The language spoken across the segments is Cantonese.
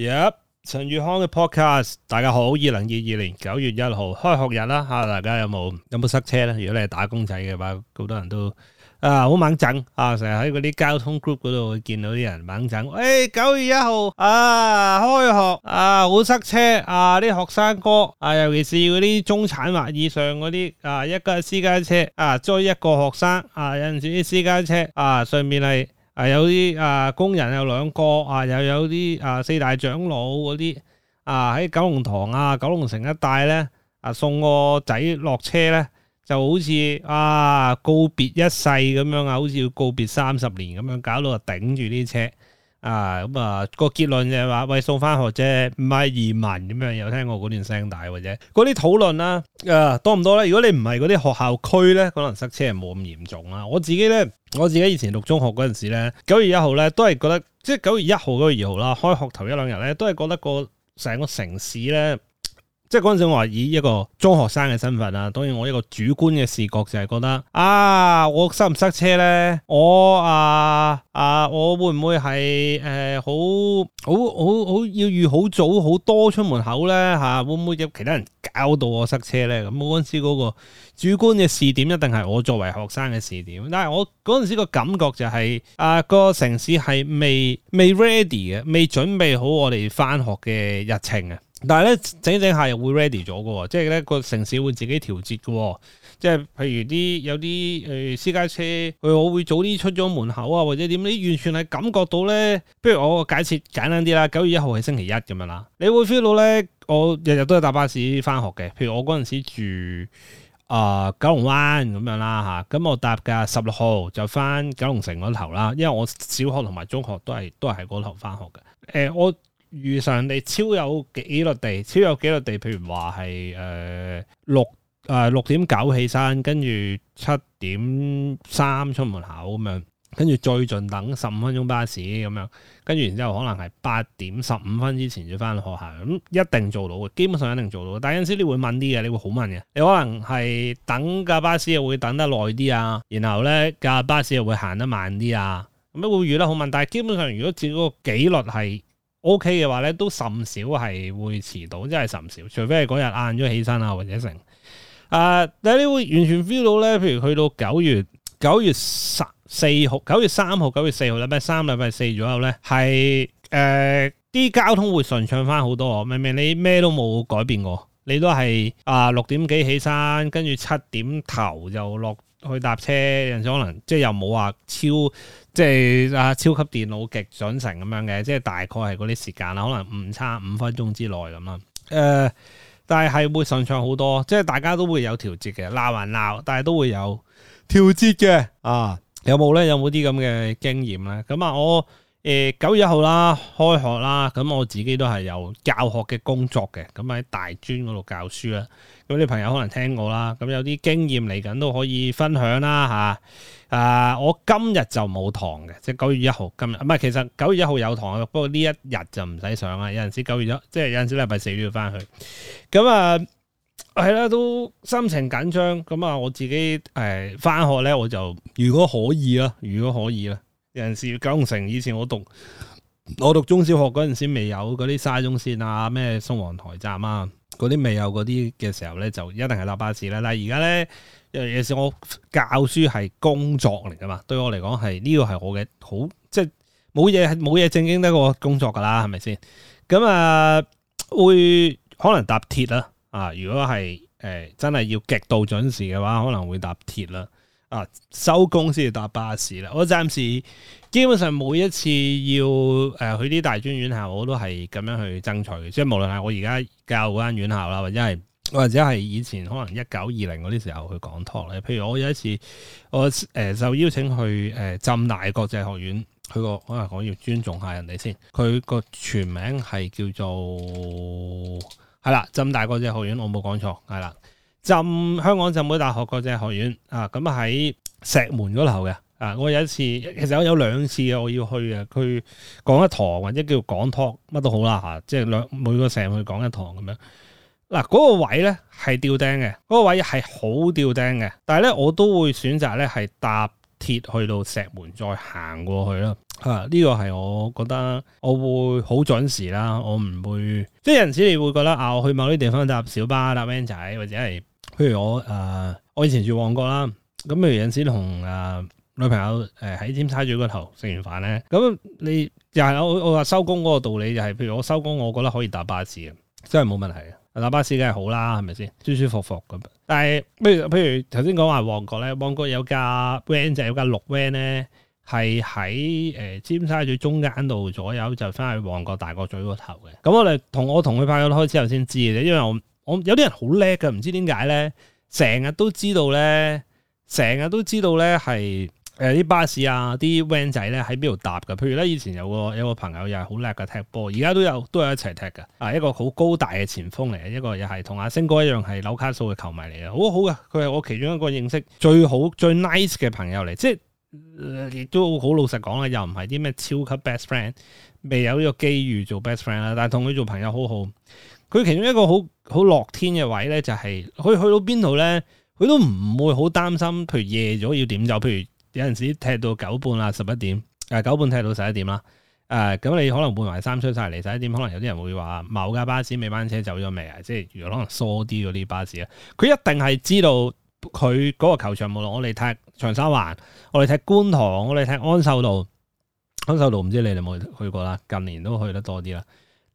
Yep, 陳宇康嘅 podcast，大家好，二零二二年九月一號開學日啦，吓、啊、大家有冇有冇塞車咧？如果你係打工仔嘅話，好多人都啊好猛整啊，成日喺嗰啲交通 group 度會見到啲人猛整，誒、哎、九月一號啊開學啊好塞車啊，啲學生哥啊，尤其是嗰啲中產或以上嗰啲啊，一架私家車啊，載一個學生啊，有陣時啲私家車啊，上面係。啊有啲啊工人有兩個啊，又有啲啊四大長老嗰啲啊，喺九龍塘啊九龍城一帶咧，啊送個仔落車咧，就好似啊告別一世咁樣啊，好似要告別三十年咁樣，搞到頂啊頂住啲車啊，咁啊個結論就係、是、話喂，送番學啫，唔係移民咁樣。有聽過嗰段聲帶或者嗰啲討論啦？誒、啊啊、多唔多咧？如果你唔係嗰啲學校區咧，可能塞車係冇咁嚴重啊。我自己咧。我自己以前讀中學嗰陣時咧，九月一號咧都係覺得，即係九月一號九月二號啦，開學頭一兩日咧都係覺得個成個城市咧，即係嗰陣時我話以一個中學生嘅身份啊，當然我一個主觀嘅視覺就係覺得啊，我塞唔塞車咧，我啊啊我會唔會係誒、呃、好好好好要預好早好多出門口咧吓、啊，會唔會有其他人？拗到我塞車呢，咁嗰陣時嗰個主觀嘅視點一定係我作為學生嘅視點，但係我嗰陣時個感覺就係、是、啊、呃嗰個城市係未未 ready 嘅，未準備好我哋翻學嘅日程啊。但係咧，整整下又會 ready 咗嘅，哦，即係咧個城市會自己調節嘅。即係譬如啲有啲誒、呃、私家車，佢、哎、我會早啲出咗門口啊，或者點？你完全係感覺到咧。不如我解釋簡單啲啦。九月一號係星期一咁樣啦，你會 feel 到咧，我日日都係搭巴士翻學嘅。譬如我嗰陣時住啊、呃、九龍灣咁樣啦吓，咁我搭嘅十六號就翻九龍城嗰頭啦，因為我小學同埋中學都係都係喺嗰頭翻學嘅。誒、呃、我。遇上你超有紀律地，超有紀律地，譬如話係誒六誒六點九起身，跟住七點三出門口咁樣，跟住最盡等十五分鐘巴士咁樣，跟住然之後可能係八點十五分之前要翻學校咁，一定做到嘅，基本上一定做到嘅。但係有陣時你會問啲嘅，你會好問嘅，你可能係等架巴，巴士又會等得耐啲啊，然後咧架巴士又會行得慢啲啊，咁樣會遇得好問。但係基本上如果照己個紀律係，O K 嘅話咧，都甚少係會遲到，即係甚少，除非係嗰日晏咗起身啊，或者成。啊、呃，但係你會完全 feel 到咧，譬如去到九月九月十四號、九月三號、九月四號，禮拜三、禮拜四左右咧，係誒啲交通會順暢翻好多。明明你咩都冇改變過，你都係啊六點幾起身，跟住七點頭就落去搭車，有陣時可能即係又冇話超。即係啊，超級電腦極準成咁樣嘅，即係大概係嗰啲時間啦，可能誤差五分鐘之內咁啦。誒、呃，但係係會順暢好多，即係大家都會有調節嘅，鬧還鬧，但係都會有調節嘅啊。有冇呢？有冇啲咁嘅經驗呢？咁啊，我。誒，九月一號啦，開學啦，咁我自己都係有教學嘅工作嘅，咁喺大專嗰度教書啦。咁啲朋友可能聽過啦，咁有啲經驗嚟緊都可以分享啦吓。啊，我今日就冇堂嘅，即係九月一號今日，唔係，其實九月一號有堂嘅，不過呢一日就唔使上啦。有陣時九月一，即係有陣時禮拜四都要翻去。咁啊，係啦，都心情緊張。咁啊，我自己誒，翻學咧，我就如果可以啦，如果可以咧。人事九成以前我讀我讀中小學嗰陣時未有嗰啲沙中線啊，咩宋皇臺站啊，嗰啲未有嗰啲嘅時候咧，就一定係搭巴士啦。但係而家咧，有陣時我教書係工作嚟噶嘛？對我嚟講係呢個係我嘅好即係冇嘢冇嘢正經得過工作噶啦，係咪先？咁啊，會可能搭鐵啦啊！如果係誒、呃、真係要極度準時嘅話，可能會搭鐵啦。啊，收工先要搭巴士啦！我暫時基本上每一次要誒去啲大專院校，我都係咁樣去爭取。即係無論係我而家教嗰間院校啦，或者係或者係以前可能一九二零嗰啲時候去講託咧。譬如我有一次，我誒受、呃、邀請去誒、呃、浸大國際學院，佢個能、啊、我要尊重下人哋先。佢個全名係叫做係啦，浸大國際學院，我冇講錯，係啦。浸香港浸會大學國際學院啊，咁喺石門嗰頭嘅啊，我有一次，其實我有兩次嘅我要去嘅，佢講一堂或者叫講 talk 乜都好啦吓、啊，即係兩每個成日去講一堂咁樣。嗱、啊、嗰、那個位咧係吊釘嘅，嗰、那個位係好吊釘嘅，但係咧我都會選擇咧係搭鐵去到石門再行過去啦。吓、啊，呢、這個係我覺得我會好準時啦，我唔會即係有陣時你會覺得啊，我去某啲地方搭小巴搭 van 仔或者係。譬如我誒、呃，我以前住旺角啦，咁譬如有陣時同誒、呃、女朋友誒喺尖沙咀嗰頭食完飯咧，咁你又、係、我我話收工嗰個道理就係、係，譬如我收工，我覺得可以搭巴士嘅，真係冇問題嘅，搭巴士梗係好啦，係咪先舒舒服服咁？但係譬如譬如頭先講話旺角咧，旺角有架，van，有架 van。van 就有間綠 van 咧，係喺誒尖沙咀中間道左右就翻去旺角大角咀嗰頭嘅。咁我哋同我同佢朋友開始後先知嘅，因為我。我有啲人好叻嘅，唔知點解咧，成日都知道咧，成日都知道咧係誒啲巴士啊，啲 van 仔咧喺邊度搭嘅。譬如咧，以前有個有個朋友又係好叻嘅踢波，而家都有都有一齊踢嘅。啊，一個好高大嘅前鋒嚟，嘅，一個又係同阿星哥一樣係扭卡數嘅球迷嚟嘅，好好嘅。佢係我其中一個認識最好，最，好最 nice 嘅朋友嚟，即係亦、呃、都好老實講嘅，又唔係啲咩超級 best friend，未有呢個機遇做 best friend 啦。但係同佢做朋友好好。佢其中一個好好樂天嘅位咧，就係、是、佢去到邊度咧，佢都唔會好擔心。譬如夜咗要點走，譬如有陣時踢到九半啊，十一點誒，九、呃、半踢到十一點啦。誒、呃，咁、嗯、你可能換埋衫出晒嚟，十一點可能有啲人會話某架巴士尾班車走咗未啊？即係如果可能疏啲嗰啲巴士咧，佢一定係知道佢嗰個球場無論我哋踢長沙灣，我哋踢觀塘，我哋踢安秀道，安秀道唔知你哋有冇去過啦？近年都去得多啲啦。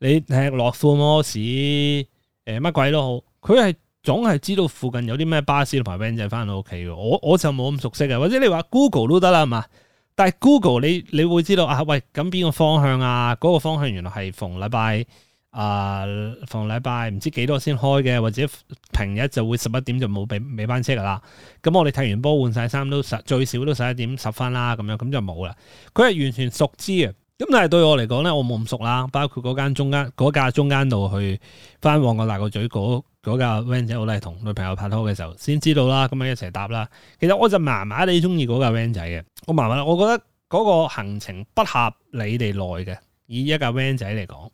你睇落附近，誒乜、呃、鬼都好，佢係總係知道附近有啲咩巴士同埋 van 仔翻到屋企嘅。我我就冇咁熟悉嘅，或者你話 Google 都得啦，係嘛？但係 Google 你你會知道啊，喂，咁邊個方向啊？嗰、那個方向原來係逢禮拜啊，逢禮拜唔知幾多先開嘅，或者平日就會十一點就冇尾尾班車噶啦。咁我哋踢完波換晒衫都十最少都十一點十分啦，咁樣咁就冇啦。佢係完全熟知嘅。咁但係對我嚟講咧，我冇咁熟啦。包括嗰間中間嗰架中間度去翻旺角大角咀嗰架 van 仔，我都係同女朋友拍拖嘅時候先知道啦。咁樣一齊搭啦。其實我就麻麻地中意嗰架 van 仔嘅。我麻麻，我覺得嗰個行程不合理地耐嘅，以一架 van 仔嚟講。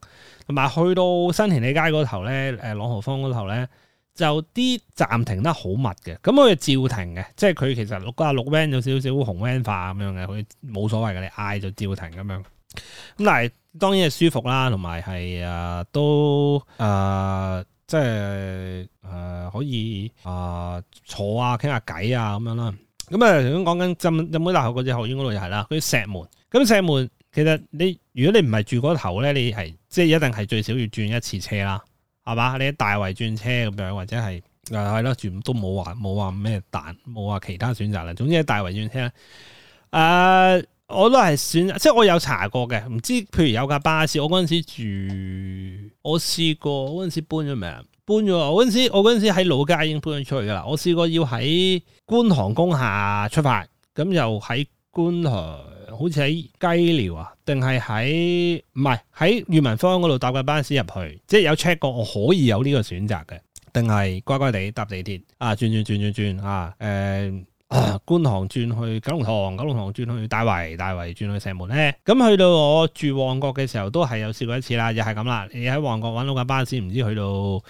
同埋去到新填地街嗰頭咧，誒朗豪坊嗰頭咧，就啲暫停得好密嘅。咁佢哋照停嘅，即係佢其實六啊六 van 有少少紅 van 化咁樣嘅，佢冇所謂嘅，你嗌就照停咁樣。咁但係當然係舒服啦，同埋係誒都誒即係誒、呃、可以誒、呃、坐啊傾下偈啊咁樣啦。咁啊頭先講講緊浸浸會大學嗰隻學院嗰度又係啦，嗰啲石門。咁石門其實你如果你唔係住嗰頭咧，你係即係一定係最少要轉一次車啦，係嘛？你喺大圍轉車咁樣，或者係啊係咯，住、呃、都冇話冇話咩彈，冇話其他選擇啦。總之喺大圍轉車啦，誒、呃。我都係選，即係我有查過嘅，唔知譬如有架巴士，我嗰陣時住，我試過嗰陣時搬咗未搬咗，我嗰我嗰陣時喺老家已經搬咗出去噶啦。我試過要喺觀塘工下出發，咁又喺觀塘，好似喺雞寮啊，定係喺唔係喺裕民坊嗰度搭架巴士入去，即係有 check 過我可以有呢個選擇嘅，定係乖乖哋搭地鐵啊，轉轉轉轉轉啊，誒、呃。啊、觀塘轉去九龍塘，九龍塘轉去大圍，大圍轉去石門咧，咁、欸嗯、去到我住旺角嘅時候，都係有試過一次啦，又係咁啦，你喺旺角搵到架巴士，唔知去到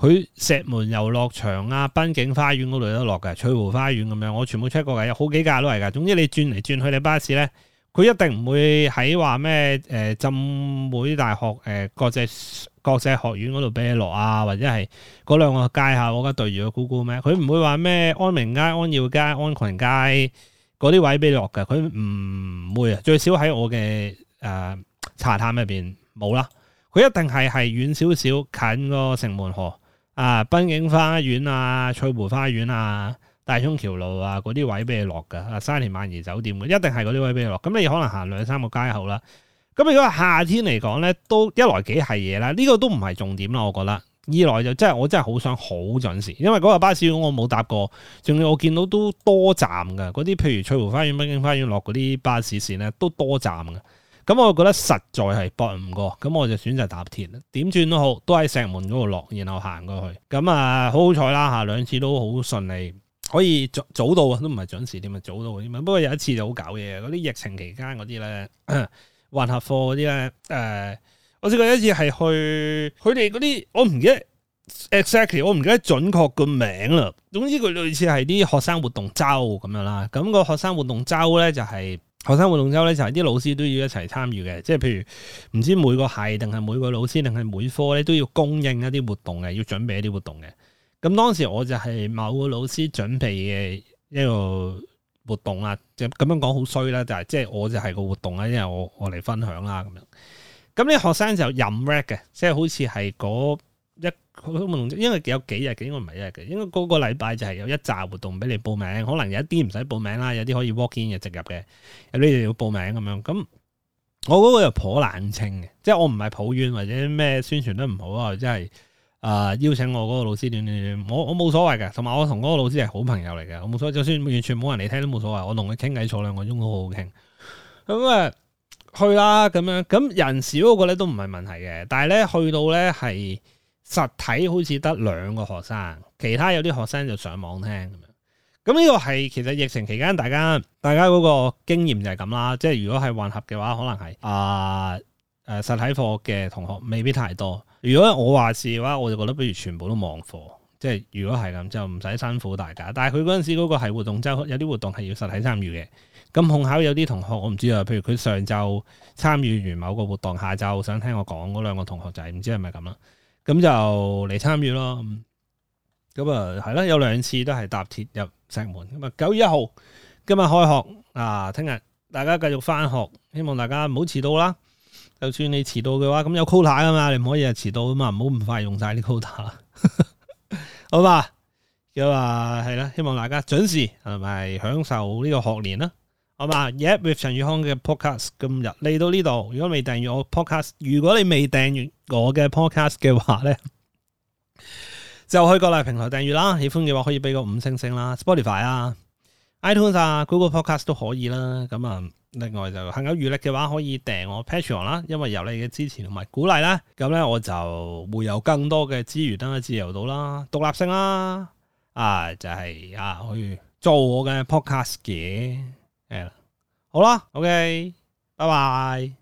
去石門遊樂場啊，濱景花園嗰度都落嘅翠湖花園咁樣，我全部 check 過嘅，有好幾架都係噶，總之你轉嚟轉去你巴士呢。佢一定唔會喺話咩誒浸會大學誒、呃、國際國際學院嗰度俾你落啊，或者係嗰兩個街下我而家對住個姑姑咩？佢唔會話咩安明街、安耀街、安群街嗰啲位俾你落嘅，佢唔會啊！最少喺我嘅誒、呃、茶攤入邊冇啦。佢一定係係遠少少近個城門河啊，濱、呃、景花園啊，翠湖花園啊。大涌橋路啊，嗰啲位俾你落噶。沙田萬怡酒店一定係嗰啲位俾你落。咁你可能行兩三個街口啦。咁如果夏天嚟講咧，都一來幾係嘢啦，呢、這個都唔係重點啦，我覺得。二來就真係我真係好想好準時，因為嗰個巴士我冇搭過，仲要我見到都多站嘅。嗰啲譬如翠湖花園、北京花園落嗰啲巴士線咧，都多站嘅。咁我覺得實在係搏唔過，咁我就選擇搭鐵啦。點轉都好，都喺石門嗰度落，然後行過去。咁啊，好好彩啦，嚇兩次都好順利。可以早早到啊，都唔係準時，點啊早到啲嘛？不過有一次就好搞嘢，嗰啲疫情期間嗰啲咧，混合 課嗰啲咧，誒、呃，我試過有一次係去佢哋嗰啲，我唔記得 exactly，我唔記得準確個名啦。總之佢類似係啲學生活動周咁樣啦。咁個學生活動周咧就係學生活動周咧就係啲老師都要一齊參與嘅，即係譬如唔知每個係定係每個老師定係每科咧都要供應一啲活動嘅，要準備一啲活動嘅。咁當時我就係某個老師準備嘅一個活動啦，咁咁樣講好衰啦，就係即係我就係個活動啦，因為我我嚟分享啦咁樣。咁啲學生就任 read 嘅，即係好似係嗰一，因為有幾日嘅，應該唔係一日嘅，應該嗰個禮拜就係有一紮活動俾你報名，可能有一啲唔使報名啦，有啲可以 walk in 嘅直入嘅，有啲就要報名咁樣。咁我嗰個又頗冷清嘅，即係我唔係抱怨或者咩宣傳得唔好啊，即係、就是。啊、呃！邀請我嗰個老師，點點點，我我冇所謂嘅，同埋我同嗰個老師係好朋友嚟嘅，我冇所謂，就算完全冇人嚟聽都冇所謂，我同佢傾偈坐兩個鐘都好好傾。咁、嗯、誒、嗯、去啦，咁樣咁人少嗰個咧都唔係問題嘅，但係咧去到咧係實體好似得兩個學生，其他有啲學生就上網聽咁樣。咁呢個係其實疫情期間大家大家嗰個經驗就係咁啦，即係如果係混合嘅話，可能係啊誒實體課嘅同學未必太多。如果我話事嘅話，我就覺得不如全部都網課，即係如果係咁就唔使辛苦大家。但係佢嗰陣時嗰個係活動周，有啲活動係要實體參與嘅。咁控考有啲同學我唔知啊，譬如佢上晝參與完某個活動，下晝想聽我講嗰兩個同學就係、是、唔知係咪咁啦。咁就嚟參與咯。咁啊係啦，有兩次都係搭鐵入石門。咁啊九月一號今日開學啊，聽日大家繼續翻學，希望大家唔好遲到啦。就算你遲到嘅話，咁有 quota 啊嘛，你唔可以日遲到啊嘛，唔好咁快用晒啲 quota。 好吧，嘅話係啦，希望大家準時同埋享受呢個學年啦。好嘛 Yep, with 陳宇康嘅 podcast 今日嚟到呢度。如果未訂閱我 podcast，如果你未訂閱我嘅 podcast 嘅話咧，就去各大平台訂閱啦。喜歡嘅話可以俾個五星星啦，Spotify 啊，iTunes 啊，Google Podcast 都可以啦。咁啊。另外就行有餘力嘅話，可以訂我 Patreon 啦，因為有你嘅支持同埋鼓勵啦。咁咧我就會有更多嘅資源啦、自由度啦、獨立性啦，啊就係、是、啊去做我嘅 podcast 嘅，誒好啦，OK，拜拜。